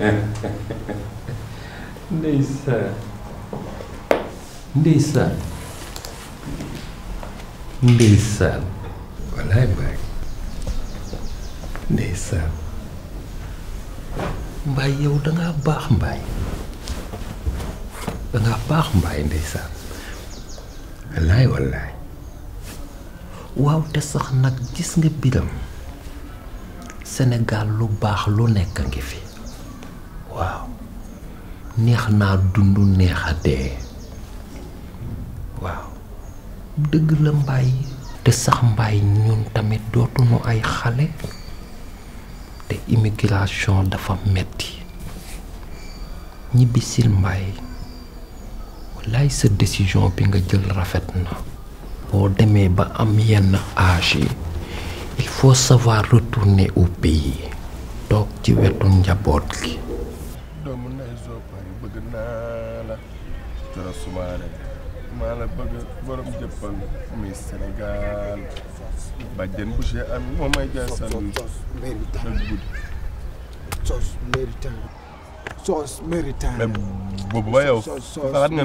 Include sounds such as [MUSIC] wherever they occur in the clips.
ndeysaan ndeysaan ndeysaan wallaay mbaay ndeysaan mbaay yow dangaa baax mbaay dangaa baax mbaay ndeysaan wallaay wallaay waaw te sax nag gis nga biram senegaal lu baax lu nekk ngi fi neex naa dund neex a dee waaw dëgg la mbaay te sax mbaay ñun tamit dootuñu ay xale te immigration dafa metti ñibbisil mbaay wallaay sa décision bi nga jël rafet na boo demee ba am yenn âge yi il faut savoir retourner au pays toog ci wetu njaboot gi Badara Soumaré maa la bëgg borom jëppal Miss Sénégal bàjjen boucher am moom may jaay sandwich sauce méritant sauce méritant mais boobu ba yow xalaat nga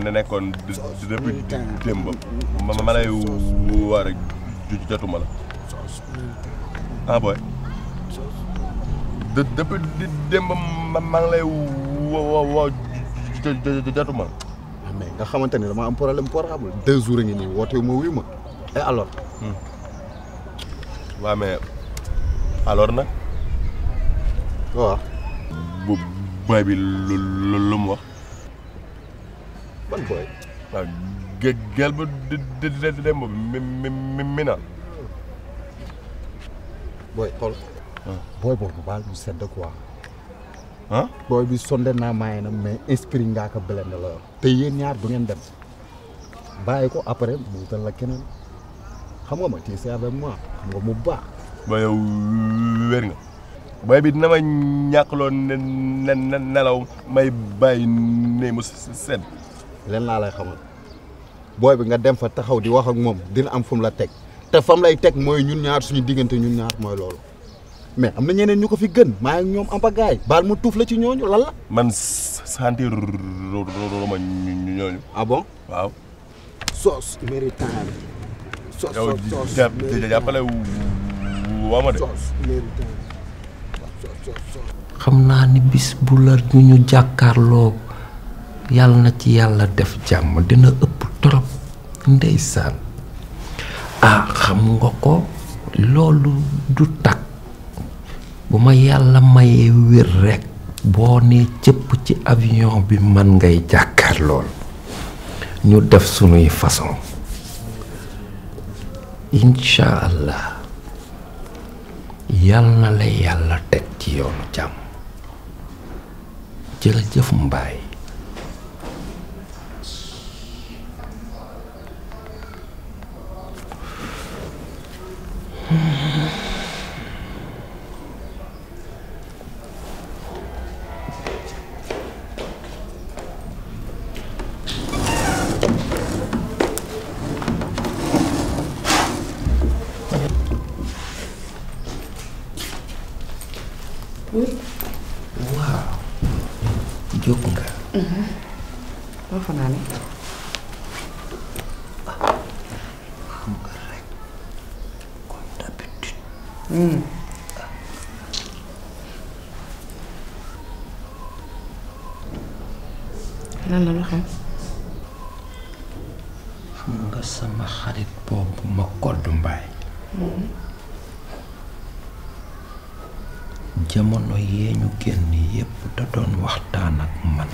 ne nekkoon ah, depuis démb ma ma lay war a jotuma la ah boy depuis démb ma ngi lay woo woo jotu ma ah, mais nga xamante ni dama am problème pour xamul deux jours a ngi nii woote ma wuyu ma et alors. waaw hmm. mais alors nag. bu booy bi lu lu mu wax. ban booy. booy boobu baal mu sedd quoi. ah booy bi sonde naa maay na mais esprit ngaa ko blende la te yéen ñaar bu ngeen dem bàyyi ko après mu wutal la keneen xam nga ma ci c'est avec moi xam nga mu baax. ba yow nga. booy bi dina ma ñàkkloo ne ne nelaw may bàyyi ne mu sedd. leen laa lay xamal booy bi nga dem fa taxaw di wax ak moom dina am fum la teg te fam lay teg mooy ñun ñaar suñu diggante ñun ñaar mooy loolu. mais am na ñeneen ñu ko fi gën maa ngi ñoom am bagaay baal ma tuuf la ci ñooñu lan la. man sentir ma ñu ñooñu. ah waaw. ma de. xam naa ni bis bu la ñu ñu jàkkaarloo yàlla na ci yàlla def jàmm dina ëpp torop ndeysaan ah xam nga ko loolu du tax. bu ma yàlla mayee wér rekk boo nee cëpp ci avion bi man ngay jàkkaar lool ñu def sunuy façon incha allah na la yàlla teg ci yoonu jàmm jërëjëf mbaay jóg nga. loo fanaane. xam hmm. nga rek comme d'habitude. lan la lu xew. jamono yee ñu génn yépp da doon waxtaan ak man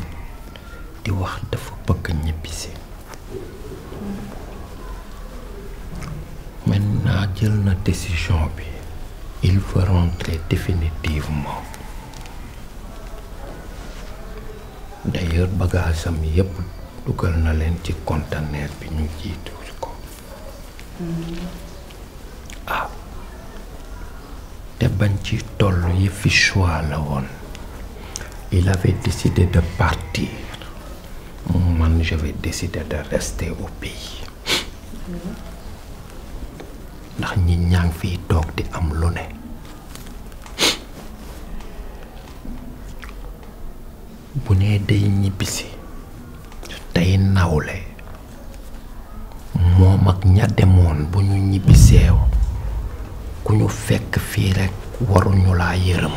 di wax dafa bëgg ñibbisi maintenant jël na décision bi il veut rentrer définitivement d'ailleurs bagaasam yépp dugal na leen ci kontaneer bi ñu jiitu ko bañ ci toll yëfi choix la woon il avait décidé de partir man j'avais décidé de rester au pays ndax ñi ñaa fiy toog di am lu ne bu nee day ñibbisi tey nawle moom ak ña demoon bu ñu ñibbisee ku ñu fekk fii rekk waruñu laa yërëm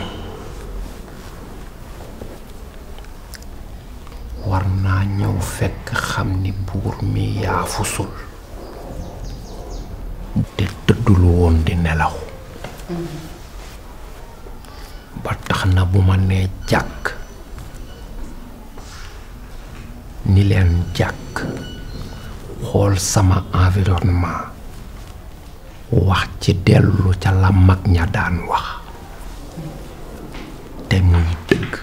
war naa ñëw fekk xam ni buur mi yaafusul te tëddul woon di nelaw ba tax na bu ma nee jàkk ni leen jàkk xool sama environnement wax ci dellu ca la mag ña daan wax te muy dëgg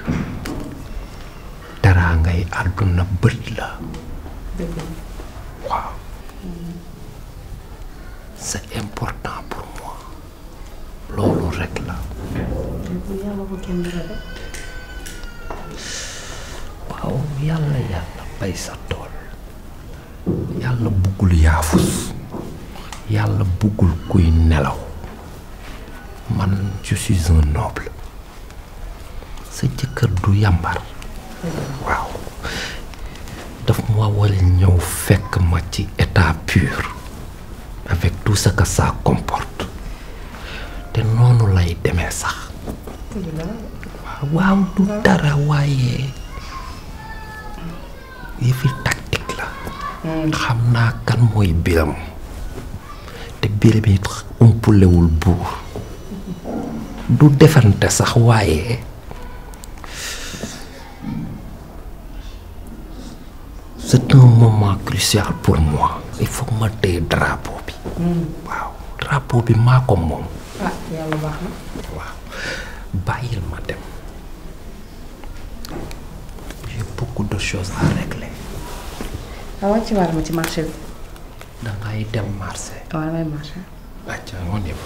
daraa ngay àdduna bët la waaw c'est important pour moi loolu rek la waaw yàlla yàlla bay sa tool yàlla buggul yaafus yàlla buggul kuy nelaw man je suis un noble sa jëkkër du yàmbar waaw daf ma war ñëw fekk ma ci état pur avec tout ce que comporte te noonu lay demee sax waaw waaw du dara waaye yëfi tactique la hmm. xam naa kan mooy biram te biir bi umpulewul buur du defante sax waaye c'est moment crucial pour moi il faut ma téye drapeau bi waaw drapeau bi maa ko moom ah, bàyyil ma dem j'ai beaucoup de choses à régler ah, da ngay dem marché. waaw damay marché. acca ngoon yëpp.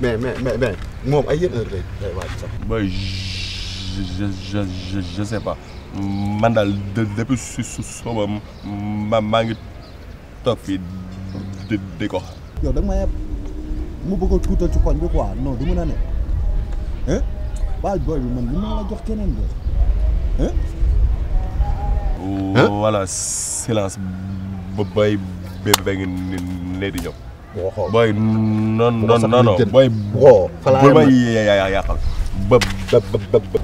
mais mais mais mais moom ay yenn heure lay lay waaj sax. mooy je je je je sais pas man daal depuis su su sooba ma maa ngi toog fii di di ko xam. yow da nga ma yeb mu bëgg a tuutal ci koñ bi quoi non du mën a ne ah baal booy bi man li ma la jox keneen voilà silence ba bay ba ngi ne di ñëw. waxoo booy non non non non booy. waxoo falaa yem booy yàqal ba ba ba ba.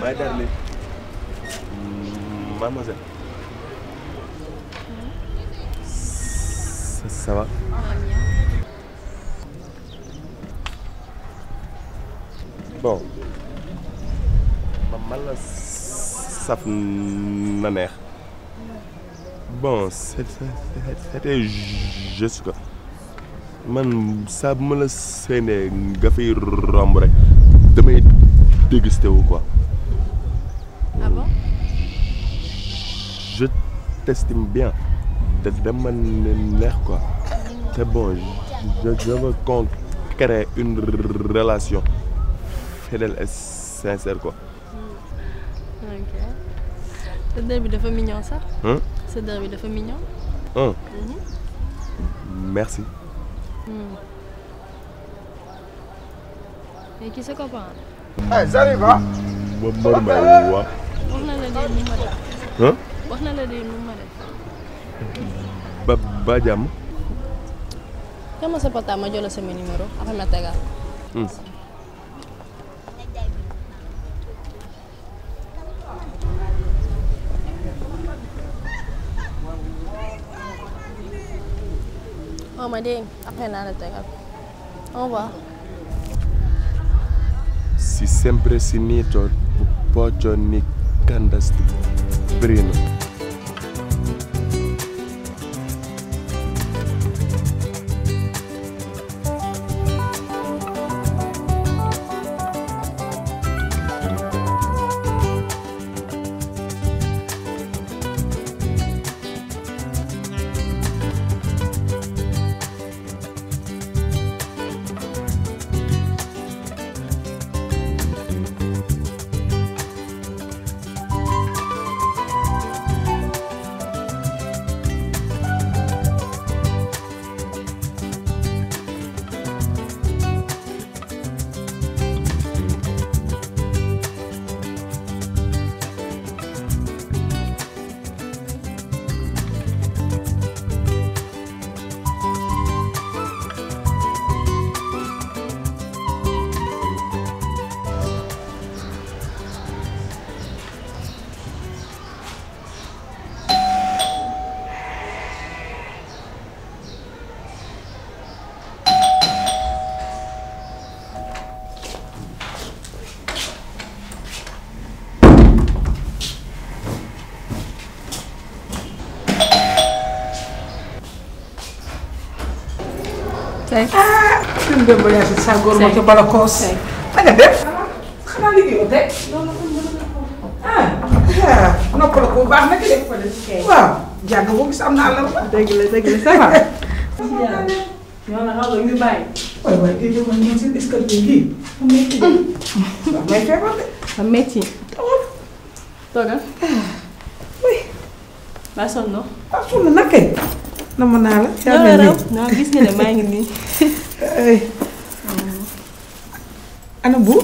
maa ngi daal mademoiselle. ça va. bon man la saf na neex bon c'était juste que man saa bu ma la séenee nga fiy romb rek damay dégusté wu quoi. ah bon. je t'estime bien te dama neex ko te bon je je veux qu'on crée une relation. fidèle mhm. mhm. et sincère quoi. bi dafa mignon sax. sa bi dafa mignon. merci. mais ki sa copain. ah j'arrive na la de nu ma de ba ba jàmm. dama sa portable ma jëloon sama numéro après ma tegal. Hmm. ma dégg après naa la tegal au revoir. Si sempre sinito, pocho ni kandas brino. tey suñu démb yaa si sa góor moo ca balakoos. tey na nga def. xanaa liggéeyoo ko bu baax nag de. waaw jàng boo gis am na àllarba. dëgg la dëgg la ça va. yow nag xam nga ñu bàyyi. waay waay kii namm naa la. yaa mel nii gis nga ne maa ngi nii. Mm. ana bu.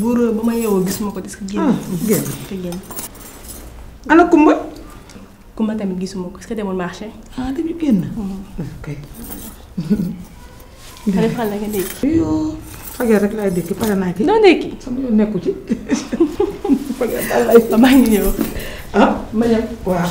buur euh, ba ma yeewoo gis ma ko gis. génn ah, génn ana kumba. kumba tamit gisuma ko est-ce que demul marché. Ah, nga mm. [LAUGHS] ndékki. yoo rek laay ndékki pare naa ci. noo ndékki. sama yoon nekku ci. [LAUGHS] maa ngi ñëw. ah ma waaw.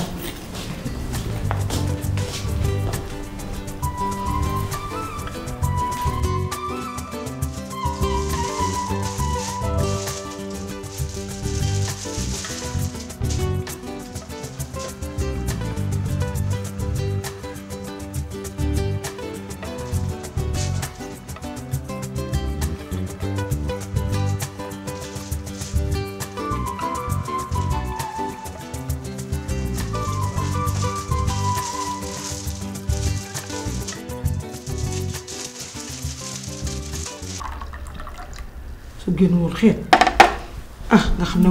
génnewul xeet ah nga xam ne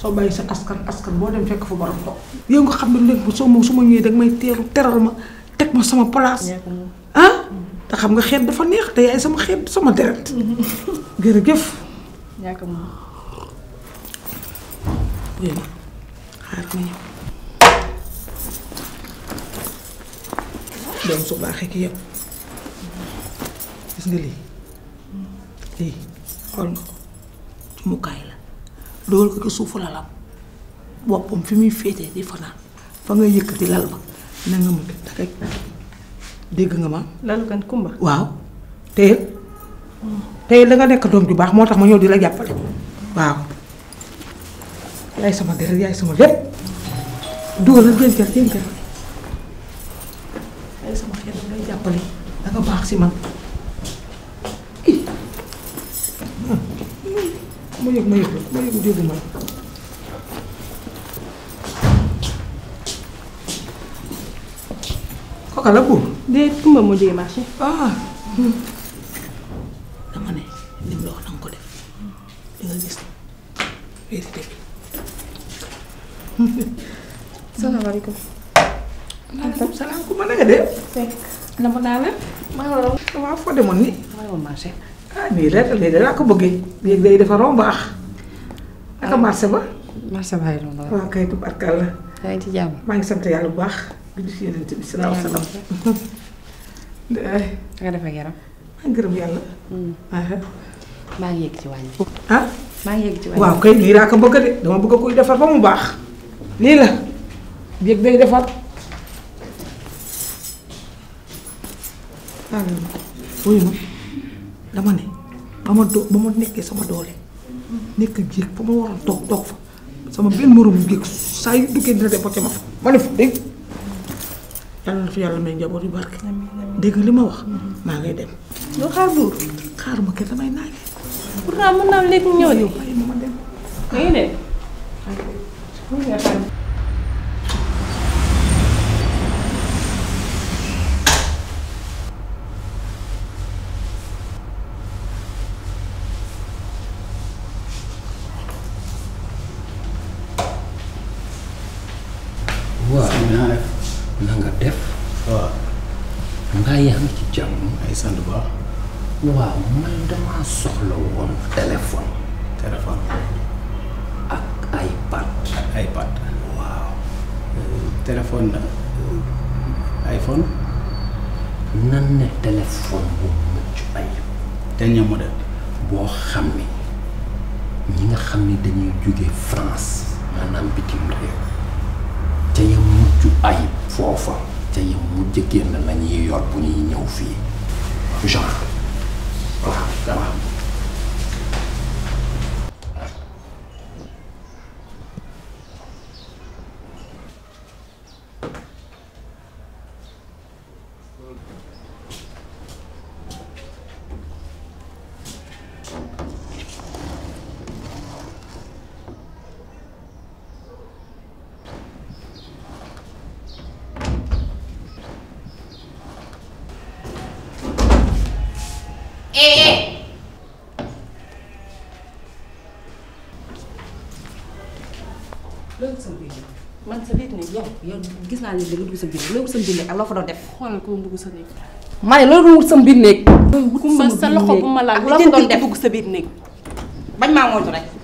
soo bàyyi sa askan askan boo dem fekk fa borom toog yow nga xam ne léegi bu soo moom su ma ñëwee danga may teeru teral ma teg ma sama place ah te xam nga xeet dafa neex te yaay sama xeet sama deret [LAUGHS] jërëjëf ñàkk moom xaar ma ñëw doom su baaxee ki yëpp gis nga lii lii xool mukaay la loolu ko suufu lalam boppam fi muy féete di fanaan fa nga yëkkati lal ba na nga mën dégg nga ma. lalu kan kumba. waaw tey tey danga nekk doom ju baax moo tax ma ñëw di jàppale waaw yaay sama deret yaay sama lépp dugalal gàncax gàncax yaay sama xel ngay jàppale da baax si man. ma la buur dee tumba moo jógee marché ah dama ne lim la danga ko def dinga gis salaam ku ma nanga de na mu naa la maa waaw foo demoon ni maa demoon marché ah nii rek lii de ko bëggee léegi day dafa romb ax naka marché ba. marché ba ay romb waaw kay tubarkalla. yaa ngi ci jàmm. maa ngi bu baax. di si yonent bi salaahu salaam. nga def ak maa ngi gërëm yàlla. maa ngi yegg ci wàññi. maa ngi yegg ci wàññi. waaw kay lii laa ko bëgg de dama bëgg kuy defar ba mu baax. lii la yëg day defar. dama ne ba ma doo ba ma nekkee sama doole nekk jéeg fa ma waroon toog toog fa sama benn moromu jéeg saa yu duggee dina de botte ma fa ma ne fa dégg yàlla na fi yàlla may njaboot yu barke dégg li ma wax mm-hmm. maa ngay dem loo xaar buur xaar ma kenn damay naaj pourtant mën naa léegi ñëw yow bàyyi ma ma waaw man damaa soxla woon téléphone. téléphone. ak iPad. ak iPad. waaw. Euh, téléphone la. Euh, iPhone. nan ne téléphone bu mucc ayib. dernier modèle. boo xam ni ñi nga xam ni dañuy jóge France maanaam bitim réew. ca ya mujj ayib foofa. ca ya mujj génn la ñuy yor bu ñuy ñëw fii genre. ça va. loolu sa biir man sa biir néeg yow yow gis naa ne da nga sa biir néeg looy wut sa biir néeg ak def. xoolal sa ma ne loolu doon sa biir néeg. looy wut sa sa loxo bu ma laal ak doon def dugg sa biir néeg. bañ maa moytu rek.